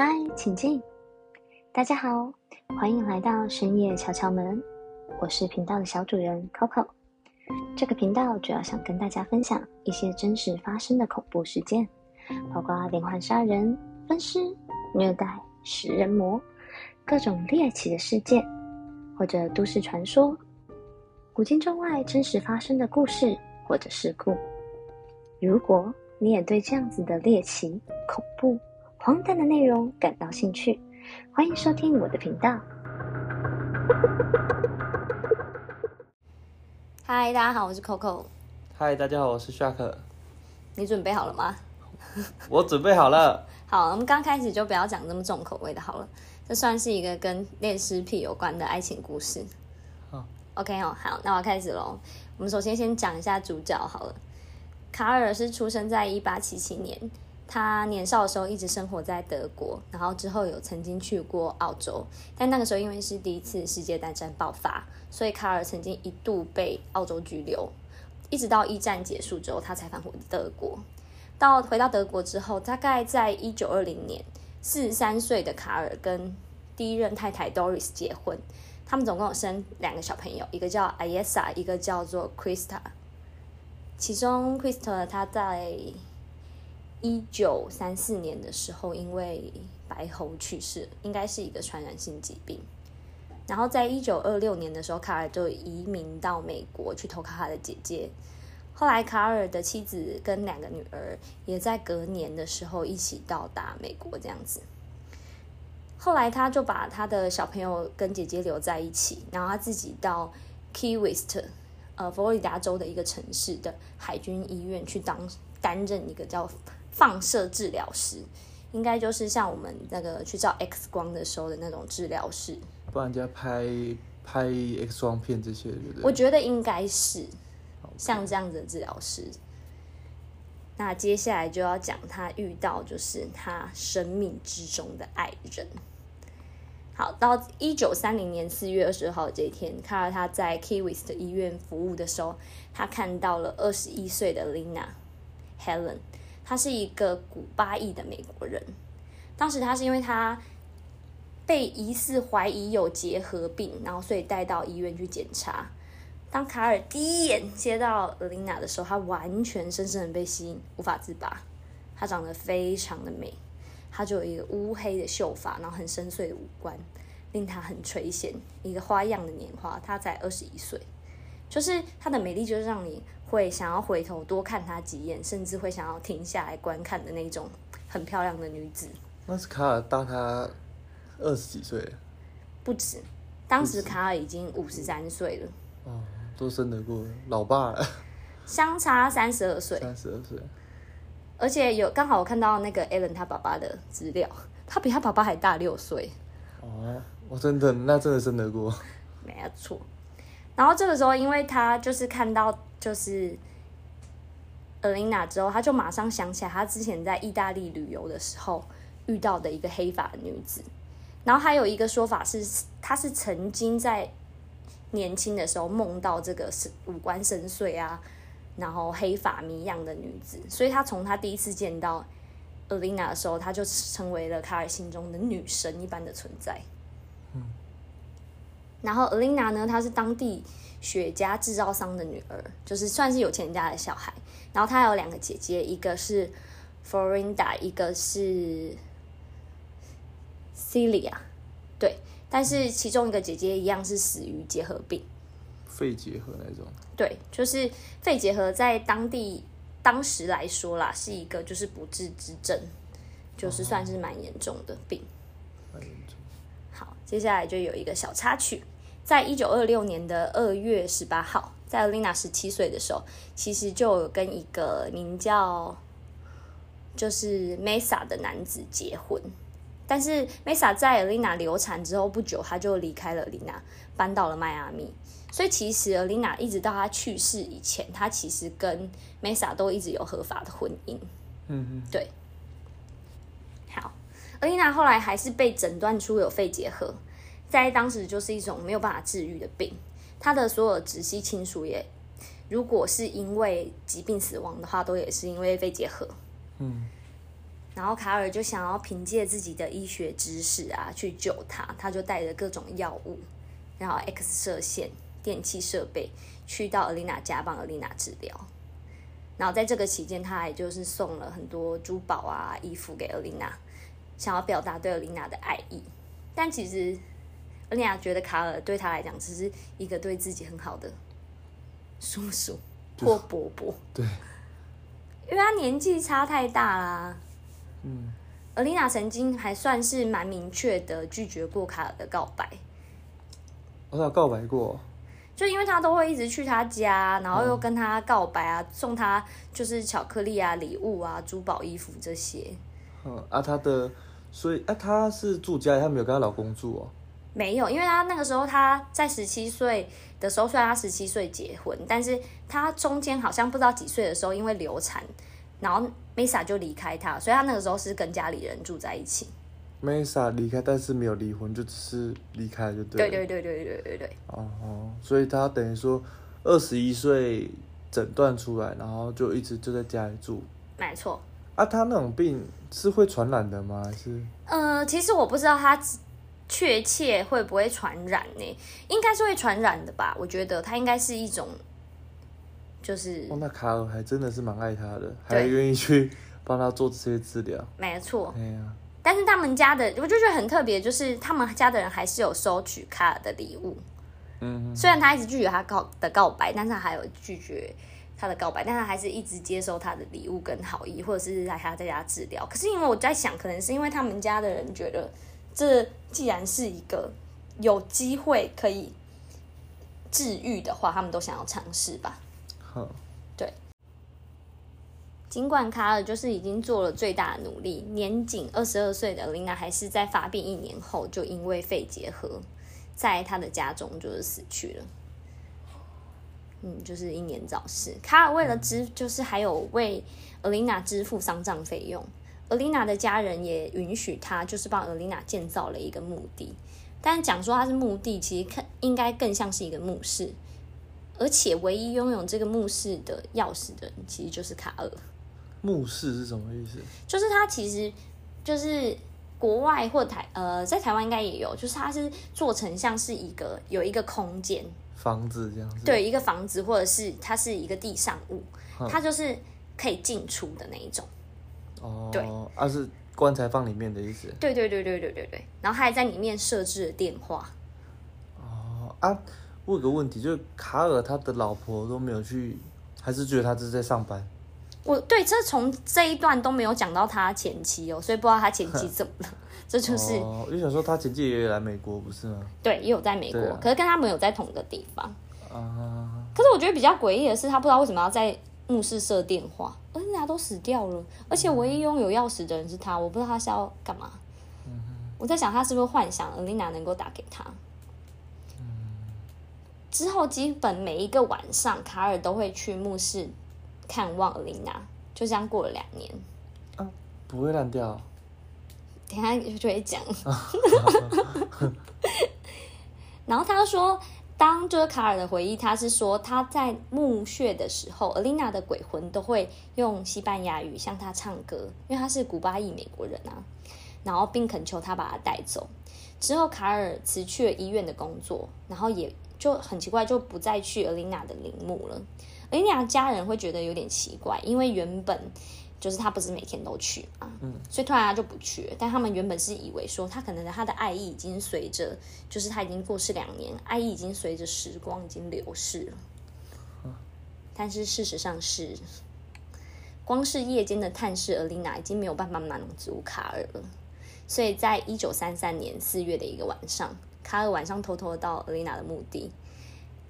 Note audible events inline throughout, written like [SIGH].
嗨，請進。大家好，歡迎來到深夜敲敲門。我是頻道的小主人 Coco。這個頻道主要想跟大家分享一些真實發生的恐怖事件，包括連環殺人、分屍、虐待、食人魔、各種獵奇的事件，或者都市傳說、古今中外真實發生的故事或者事故。如果你也對這樣子的獵奇、恐怖，荒誕的內容感到興趣，歡迎收聽我的頻道。嗨，大家好，我是 Coco。嗨，大家好，我是 Shark。你準備好了嗎？我準備好了。 [LAUGHS] 好，我們剛開始就不要講這麼重口味的，好了。這算是一個跟戀屍癖有關的愛情故事。好，哦，OK 哦，好，那我開始嘍。我們首先先講一下主角好了。卡爾是出生在一八七七年。他年少的時候一直生活在德國，然後之後有曾經去過澳洲，但那個時候因為是第一次世界大戰爆發，所以卡爾曾經一度被澳洲拘留，一直到一戰結束之後，他才返回德國。到回到德國之後，大概在一九二零年，四十三歲的卡爾跟第一任太太 Doris 結婚，他們總共有生兩個小朋友，一個叫 Ayesa，一個叫做 Christa。其中 Christa 她在一九三四年的時候，因為白喉去世，應該是一個傳染性疾病。然後，在一九二六年的時候，卡爾就移民到美國去投靠他的姐姐。後來，卡爾的妻子跟兩個女兒也在隔年的時候一起到達美國，這樣子。後來，他就把他的小朋友跟姐姐留在一起，然後他自己到 Key West，呃，佛羅里達州的一個城市的海軍醫院去當擔任一個叫。放射治療師，應該就是像我們那個去照 X 光的時候的那種治療室，幫人家拍拍 X 光片，這些對不對？我覺得應該是像這樣子的治療室。Okay. 那接下來就要講他遇到，就是他生命之中的愛人。好，到一九三零年四月二十二號這一天，看到他在 Key West 醫院服務的時候，他看到了二十一歲的 Lina Helen。他是一個古巴裔的美國人，當時他是因為他被疑似懷疑有結核病，然後所以帶到醫院去檢查。當卡爾第一眼接到爾琳娜的時候，他完全深深的被吸引，無法自拔。她長得非常的美，她就有一個烏黑的秀髮，然後很深邃的五官，令他很垂涎。一個花樣的年華，她才二十一歲，就是她的美麗就是讓你。會想要回頭多看她幾眼，甚至會想要停下來觀看的那種很漂亮的女子。那是卡爾大她二十幾歲，不止，當時卡爾已經五十三歲了。哦，都生得過老爸了，相差三十二歲，三十二歲，而且有剛好我看到那個艾倫他爸爸的資料，他比他爸爸還大六歲。哦，我真的，那真的生得過？沒錯。然後這個時候，因為他就是看到。就是 Elena 之後，她就馬上想起來，她之前在意大利旅遊的時候遇到的一個黑髮女子。然後還有一個說法是，她是曾經在年輕的時候夢到這個五官深邃啊，然後黑髮迷樣的女子。所以，她從她第一次見到 Elena 的時候，她就成為了卡爾心中的女神一般的存在。嗯。然後 Elena 呢，她是當地。雪茄製造商的女兒，就是算是有錢人家的小孩。然後她有兩個姐姐，一個是 Florinda，一個是 Celia。對，但是其中一個姐姐一樣是死於結核病。肺結核那種？對，就是肺結核，在當地當時來說啦，是一個就是不治之症，就是算是蠻嚴重的病。蠻嚴重。好，接下來就有一個小插曲。在一九二六年的二月十八號，在 Elena 十七歲的時候，其實就有跟一個名叫就是 Mesa 的男子結婚。但是 Mesa 在 Elena 流產之後不久，他就離開了 Elena 搬到了邁阿密。所以其實 Elena 一直到她去世以前，她其實跟 Mesa 都一直有合法的婚姻。嗯嗯，對。好，Elena 後來還是被診斷出有肺結核。在當時就是一種沒有辦法治癒的病，他的所有直系親屬也如果是因為疾病死亡的話，都也是因為肺結核，嗯。然後卡爾就想要憑借自己的醫學知識啊，去救他。他就帶着各種藥物，然後 X 射線、電器設備，去到 Elena 家幫 Elena 治療。然後在這個期間，他也就是送了很多珠寶啊、衣服給 Elena，想要表達對 Elena 的愛意。但其實。而麗娜覺得卡爾對他來講只是一個對自己很好的叔叔或伯伯，對，因為他年紀差太大啦。嗯，而麗娜曾經還算是蠻明確的拒絕過卡爾的告白。我有告白過，哦，就因為他都會一直去他家，然後又跟他告白啊，嗯、送他就是巧克力啊、禮物啊、珠寶、衣服這些。嗯啊，他的所以啊，他是住家，他沒有跟他老公住哦。沒有，因為他那個時候他在十七歲的時候，雖然他十七歲結婚，但是他中間好像不知道幾歲的時候，因為流產，然後 MESA 就離開他，所以他那個時候是跟家裡人住在一起。MESA 離開，但是沒有離婚，就只是離開了就對了。對對對對對對對。哦哦，所以他等於說二十一歲診斷出來，然後就一直就在家裡住。沒錯。啊，他那種病是會傳染的嗎？還是？嗯、呃，其實我不知道他。確切會不會傳染呢？欸？應該是會傳染的吧。我覺得他應該是一種，就是、哦。那卡爾還真的是蠻愛他的，還願意去幫他做這些治療。沒錯、啊。但是他們家的，我就覺得很特別，就是他們家的人還是有收取卡爾的禮物。嗯。雖然他一直拒絕他告的告白，但是他還有拒絕他的告白，但他還是一直接受他的禮物跟好意，或者是讓他在家治療。可是因為我在想，可能是因為他們家的人覺得。這既然是一個有機會可以治癒的話，他們都想要嘗試吧。好、哦，對。儘管卡爾就是已經做了最大的努力，年僅二十二歲的琳娜還是在發病一年後就因為肺結核，在他的家中就是死去了。嗯，就是英年早逝。卡爾為了支，嗯、就是還有為爾琳娜支付喪葬費用。爾琳娜的家人也允許他，就是幫爾琳娜建造了一個墓地。但是講說它是墓地，其實看應該更像是一個墓室。而且唯一擁有這個墓室的鑰匙的人，其實就是卡爾。墓室是什麼意思？就是它其實就是國外或台呃，在台灣應該也有，就是它是做成像是一個有一個空間房子這樣子。對，一個房子或者是它是一個地上物，它、嗯、就是可以進出的那一種。哦、oh,，對，啊是棺材放裡面的意思。對對對對對對對，然後他還在裡面設置了電話。哦、oh, 啊，我有個問題，就是卡爾他的老婆都沒有去，還是覺得他這是在上班？我對，這，從這一段都沒有講到他前妻哦，所以不知道他前妻怎麼了， [LAUGHS] 這就是。我、oh, 就想說，他前妻也有來美國不是嗎？對，也有在美國，啊、可是跟他沒有在同一個地方。啊、uh...。可是我覺得比較詭異的是，他不知道為什麼要在墓室設電話。恩麗娜都死掉了，而且唯一擁有鑰匙的人是他，我不知道他是要幹嘛、嗯。我在想他是不是幻想恩麗娜能夠打給他。嗯、之後，基本每一個晚上，卡爾都會去墓室看望恩麗娜。就這樣過了兩年、啊。不會爛掉、哦。等下就會講。 [LAUGHS] [LAUGHS] [LAUGHS] [LAUGHS] 然後他說，當這卡爾的回憶，他是說他在墓穴的時候，伊琳娜的鬼魂都會用西班牙語向他唱歌，因為他是古巴裔美國人啊。然後並懇求他把他帶走。之後，卡爾辭去了醫院的工作，然後也就很奇怪，就不再去伊琳娜的陵墓了。伊琳娜家人會覺得有點奇怪，因為原本。就是他不是每天都去嘛，嗯，所以突然他就不去了。但他們原本是以為說他可能他的愛意已經隨着，就是他已經過世兩年，愛意已經隨着時光已經流逝了。嗯，但是事實上是，光是夜間的探視，而麗娜已經沒有辦法滿足卡爾了。所以在一九三三年四月的一個晚上，卡爾晚上偷偷到麗娜的墓地，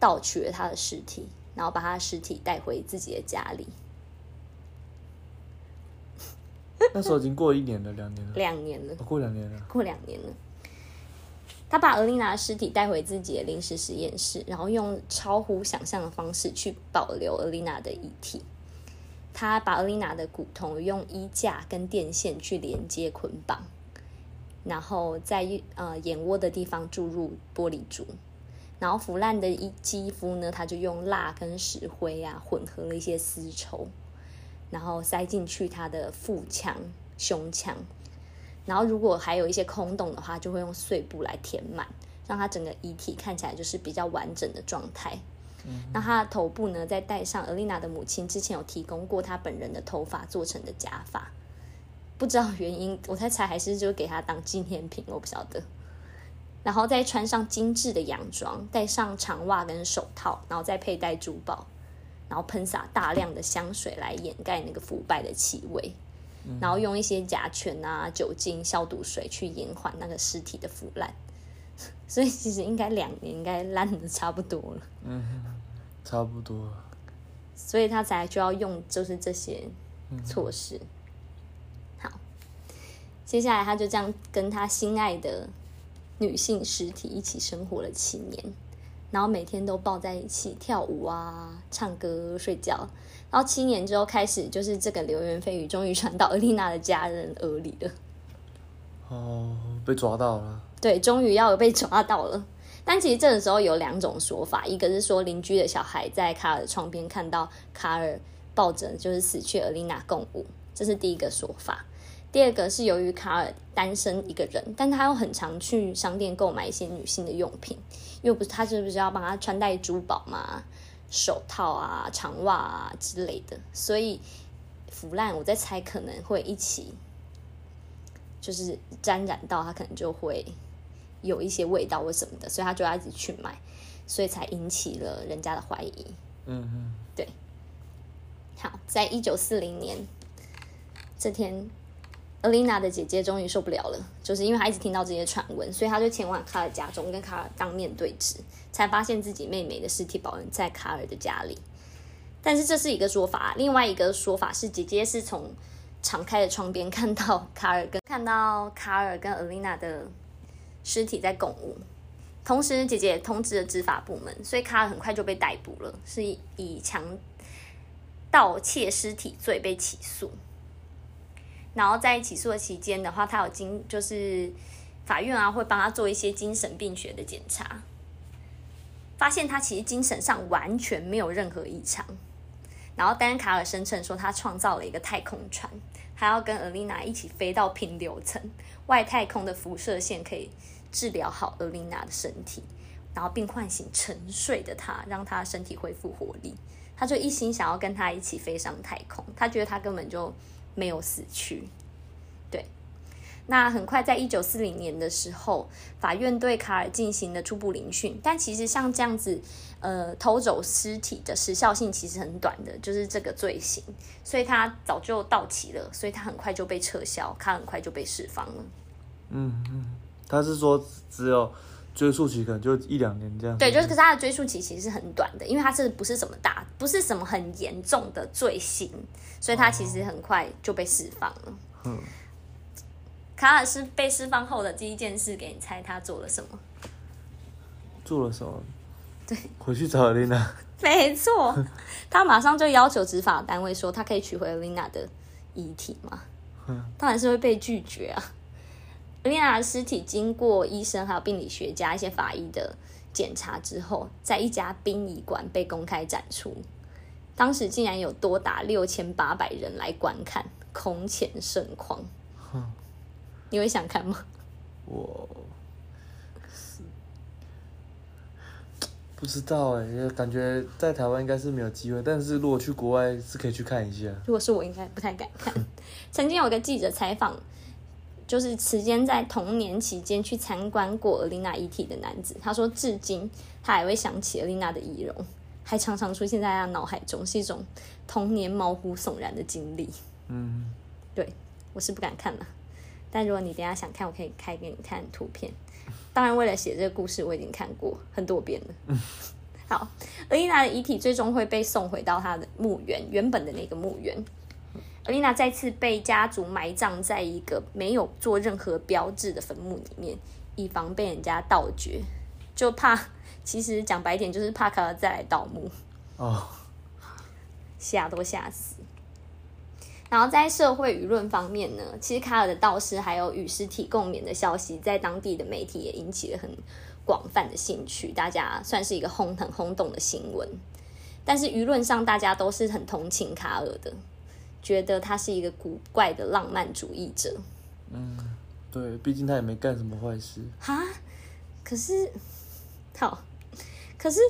盜取了他的屍體，然後把他的屍體帶回自己的家裡。 [LAUGHS] 那時候已經過了一年了，兩年了，兩年了，哦，過兩年了，過兩年了，過兩年了。他把 Elena 的屍體帶回自己的臨時實驗室，然後用超乎想象的方式去保留 Elena 的遺體。他把 Elena 的骨頭用衣架跟電線去連接捆綁，然後在呃眼窩的地方注入玻璃珠，然後腐爛的衣肌膚呢，他就用蠟跟石灰啊混合了一些絲綢。然後塞進去他的腹腔、胸腔，然後如果還有一些空洞的話，就會用碎布來填滿，讓他整個遺體看起來就是比較完整的狀態。嗯，那他的頭部呢，再戴上爾麗娜的母親之前有提供過她本人的頭髮做成的假髮，不知道原因，我在猜還是就給她當紀念品，我不曉得。然後再穿上精緻的洋裝，戴上長襪跟手套，然後再佩戴珠寶。然後噴灑大量的香水來掩蓋那個腐敗的氣味，嗯、然後用一些甲醛啊、酒精消毒水去延緩那個屍體的腐爛， [LAUGHS] 所以其實應該兩年應該爛得差不多了。嗯、差不多。所以他才就要用就是這些措施、嗯。好，接下來他就這樣跟他心愛的女性屍體一起生活了七年。然後每天都抱在一起跳舞啊，唱歌、睡覺。然後七年之後開始，就是這個流言蜚語終於傳到爾麗娜的家人耳裡了。哦，被抓到了。對，終於要被抓到了。但其實這個時候有兩種說法，一個是說鄰居的小孩在卡爾的窗邊看到卡爾抱着就是死去爾麗娜共舞，這是第一個說法。第二個是由於卡爾單身一個人，但他又很常去商店購買一些女性的用品，又不是，他是不是要幫他穿戴珠寶嘛、手套啊、長襪啊之類的，所以腐爛，我在猜可能會一起，就是沾染到他，可能就會有一些味道或什麼的，所以他就要一直去買，所以才引起了人家的懷疑。嗯哼，對。好，在一九四零年這天。艾琳娜的姐姐終於受不了了，就是因為她一直聽到這些傳聞，所以她就前往卡爾家中，跟卡爾當面對質，才發現自己妹妹的屍體保留在卡爾的家裡。但是這是一個說法，另外一個說法是姐姐是從敞開的窗邊看到卡爾跟看到卡爾跟艾琳娜的屍體在共舞，同時姐姐也通知了執法部門，所以卡爾很快就被逮捕了，是以強盜竊屍體罪被起訴。然後在起訴的期間的話，他有經就是法院啊會幫他做一些精神病學的檢查，發現他其實精神上完全沒有任何異常。然後丹卡爾聲稱說他創造了一個太空船，他要跟爾琳娜一起飛到平流層外太空的輻射線可以治療好爾琳娜的身體，然後並喚醒沉睡的他，讓他身體恢復活力。他就一心想要跟他一起飛上太空，他覺得他根本就。沒有死去，對。那很快，在一九四零年的時候，法院對卡爾進行了初步聆訊。但其實像這樣子，呃，偷走屍體的時效性其實很短的，就是這個罪行，所以他早就到期了，所以他很快就被撤銷，他很快就被釋放了。嗯嗯，他是說只有。追訴期可能就一兩年這樣。對，就是，可是他的追訴期其實是很短的，因為他是不是什麼大，不是什麼很嚴重的罪行，所以他其實很快就被釋放了。哦哦。嗯。卡爾是被釋放後的第一件事，給你猜他做了什麼？做了什麼？對，回去找琳娜。沒錯，他馬上就要求執法單位說，他可以取回琳娜的遺體嗎？嗯。當然是會被拒絕啊。因為的屍體經過醫生、還有病理學家、一些法醫的檢查之後，在一家殯儀館被公開展出。當時竟然有多達六千八百人來觀看，空前盛況。你會想看嗎？我是不知道哎、欸，感覺在台灣應該是沒有機會，但是如果去國外是可以去看一下。如果是我，應該不太敢看。 [LAUGHS] 曾經有個記者採訪。就是此間在童年期間去參觀過爾麗娜遺體的男子，他說，至今他還會想起爾麗娜的遺容，還常常出現在他腦海中，是一種童年毛骨悚悚然的經歷。嗯，對，我是不敢看的，但如果你等下想看，我可以開給你看圖片。當然，為了寫這個故事，我已經看過很多遍了。嗯。好，爾麗娜的遺體最終會被送回到她的墓園，原本的那個墓園。艾琳娜再次被家族埋葬在一個沒有做任何標誌的墳墓裡面，以防被人家盜掘，就怕。其實講白點，就是怕卡爾再來盜墓哦，oh. 嚇都嚇死。然後在社會輿論方面呢，其實卡爾的盜屍還有與屍體共眠的消息，在當地的媒體也引起了很廣泛的興趣，大家算是一個轟很轟動的新聞。但是輿論上，大家都是很同情卡爾的。覺得他是一個古怪的浪漫主義者。嗯，對，畢竟他也沒幹什麼壞事。哈，可是，好，可是，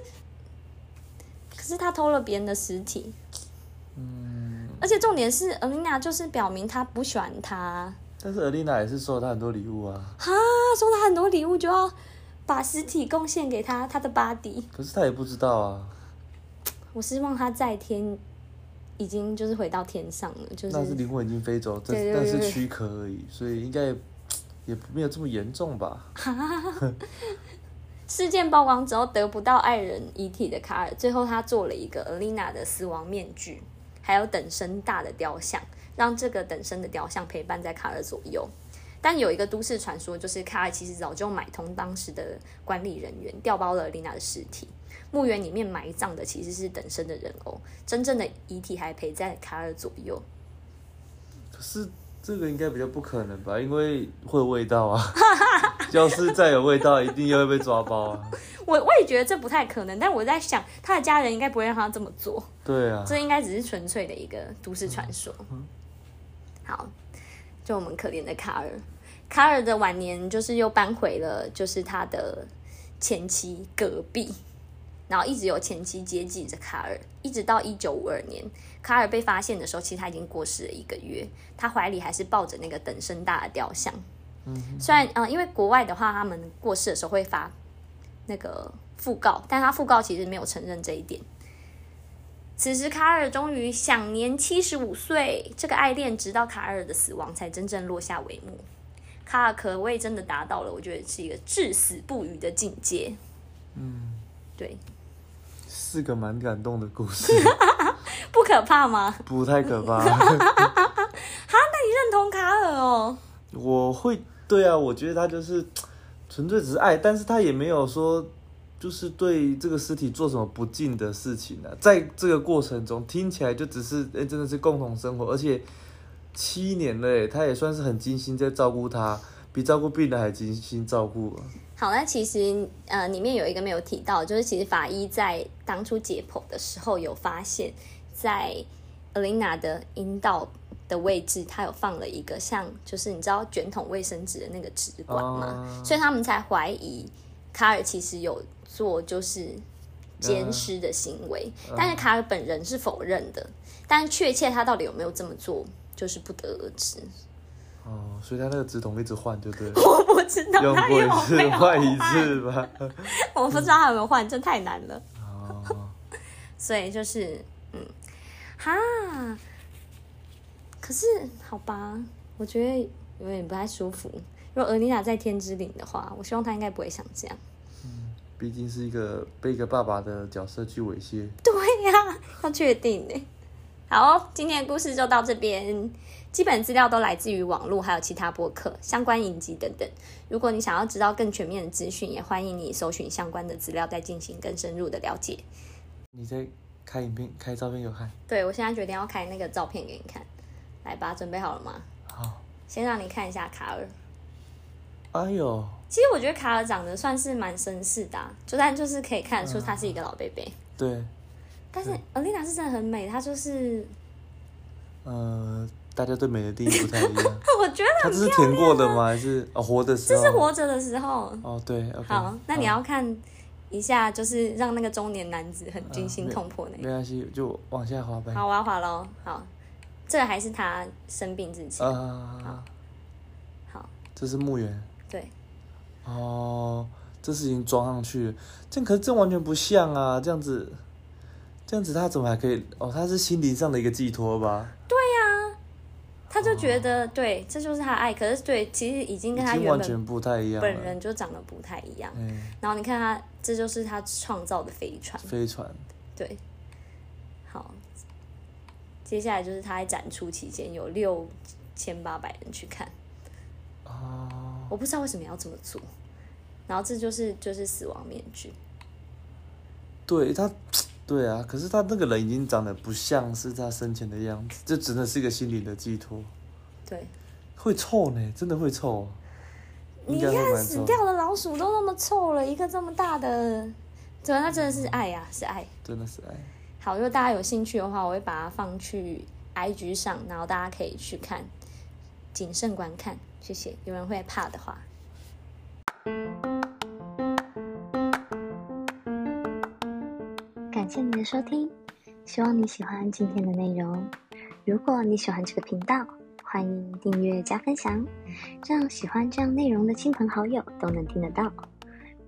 可是他偷了別人的屍體。嗯，而且重點是，爾麗娜就是表明他不喜歡他。但是爾麗娜也是收了他很多禮物啊。哈，收了很多禮物，就要把屍體貢獻給他，他的 body，可是他也不知道啊。我希望他在天。已經就是回到天上了，就是，那是靈魂已經飛走了，但是，對對對對，但是軀殼而已，所以應該也沒有這麼嚴重吧。 [LAUGHS] 事件曝光之後，得不到愛人遺體的卡爾，最後他做了一個爾麗娜的死亡面具，還有等身大的雕像，讓這個等身的雕像陪伴在卡爾左右。但有一個都市傳說，就是卡爾其實早就買通當時的管理人員，調包了爾麗娜的屍體。墓園裡面埋葬的其實是等身的人偶，真正的遺體還陪在卡爾左右。可是這個應該比較不可能吧？因為會有味道啊！ [LAUGHS] 就要是再有味道， [LAUGHS] 一定又會被抓包啊！我我也覺得這不太可能，但我在想，他的家人應該不會讓他這麼做。對啊，這應該只是純粹的一個都市傳說。嗯嗯。好，就我們可憐的卡爾，卡爾的晚年就是又搬回了，就是他的前妻隔壁。然後一直有前妻接濟着卡爾，一直到一九五二年，卡爾被發現的時候，其實他已經過世了一個月，他懷裡還是抱着那個等身大的雕像。嗯。雖然，嗯，因為國外的話，他們過世的時候會發那個訃告，但他訃告其實沒有承認這一點。此時卡爾終於享年七十五歲，這個愛戀直到卡爾的死亡才真正落下帷幕。卡爾可謂真的達到了，我覺得是一個至死不渝的境界。嗯，對。是個蠻感動的故事 [LAUGHS] ，不可怕嗎？不太可怕 [LAUGHS] [LAUGHS] 哈。哈那你認同卡爾哦？我會對啊，我覺得他就是純粹只是愛，但是他也沒有說就是對這個屍體做什麼不敬的事情啊。在這個過程中，聽起來就只是、欸、真的是共同生活，而且七年了，他也算是很精心在照顧他，比照顧病人還精心照顧。好，那其實呃，裡面有一個沒有提到，就是其實法醫在當初解剖的時候有發現，在艾琳娜的陰道的位置，他有放了一個像就是你知道捲筒衛生紙的那個紙管嘛，uh, 所以他們才懷疑卡爾其實有做就是姦屍的行為，uh, uh, 但是卡爾本人是否認的，但確切他到底有沒有這麼做，就是不得而知。哦、嗯，所以他那個紙筒一直換，對不對？我不知道他有，只換一次吧， [LAUGHS] 我不知道他有沒有換、嗯，這太難了。哦， [LAUGHS] 所以就是，嗯，哈，可是好吧，我覺得有點不太舒服。如果爾尼亞在天之靈的話，我希望他應該不會想這樣。嗯，畢竟是一個被一個爸爸的角色去猥褻。對呀、啊，他確定耶。好，今天的故事就到這邊。基本資料都來自於網絡，還有其他播客、相關影集等等。如果你想要知道更全面的資訊，也歡迎你搜尋相關的資料，再進行更深入的了解。你在開影片、開照片有看？對，我現在決定要開那個照片給你看，來吧，準備好了嗎？好，先讓你看一下卡爾。哎呦，其實我覺得卡爾長得算是蠻紳士的、啊，就但就是可以看得出他是一個老伯伯、哎。對。但是 Alina 是真的很美，她就是，呃，大家對美的定義不太一樣。 [LAUGHS] 我覺得很漂亮。她不是填過的嗎？還是哦，活的時候。這是活着的時候。哦，對。o、okay, k 好，那你要看一下，就是讓那個中年男子很驚心動魄那個。沒關係，就往下滑唄。好，我要滑嘍。好，這還是他生病之前。啊、呃、好，好。這是墓園。對。哦，這是已經裝上去了，這可是這完全不像啊，這樣子。這樣子他怎麼還可以？哦，他是心靈上的一個寄託吧？對呀、啊，他就覺得、oh. 對，這就是他愛。可是對，其實已經跟他原本完全不太一樣，本人就長得不太一樣、欸。然後你看他，這就是他創造的飛船。飛船。對。好，接下來就是他在展出期間有六千八百人去看。Oh. 我不知道為什麼要這麼做。然後這就是就是死亡面具。對他。對啊，可是他那個人已經長得不像是他生前的樣子，這真的是一個心靈的寄托。對，會臭呢，真的會臭。你看死掉的老鼠都那麼臭了， [LAUGHS] 一個這麼大的，主要他真的是愛呀、啊嗯，是愛，真的是愛。好，如果大家有興趣的話，我會把它放去 IG 上，然後大家可以去看，謹慎觀看，謝謝。有人會怕的話。謝謝你的收聽，希望你喜歡今天的內容。如果你喜歡這個頻道，歡迎訂閱加分享，讓喜歡這樣內容的親朋好友都能聽得到。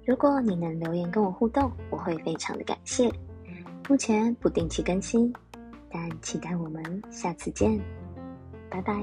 如果你能留言跟我互動，我會非常的感謝。目前不定期更新，但期待我們下次見，拜拜。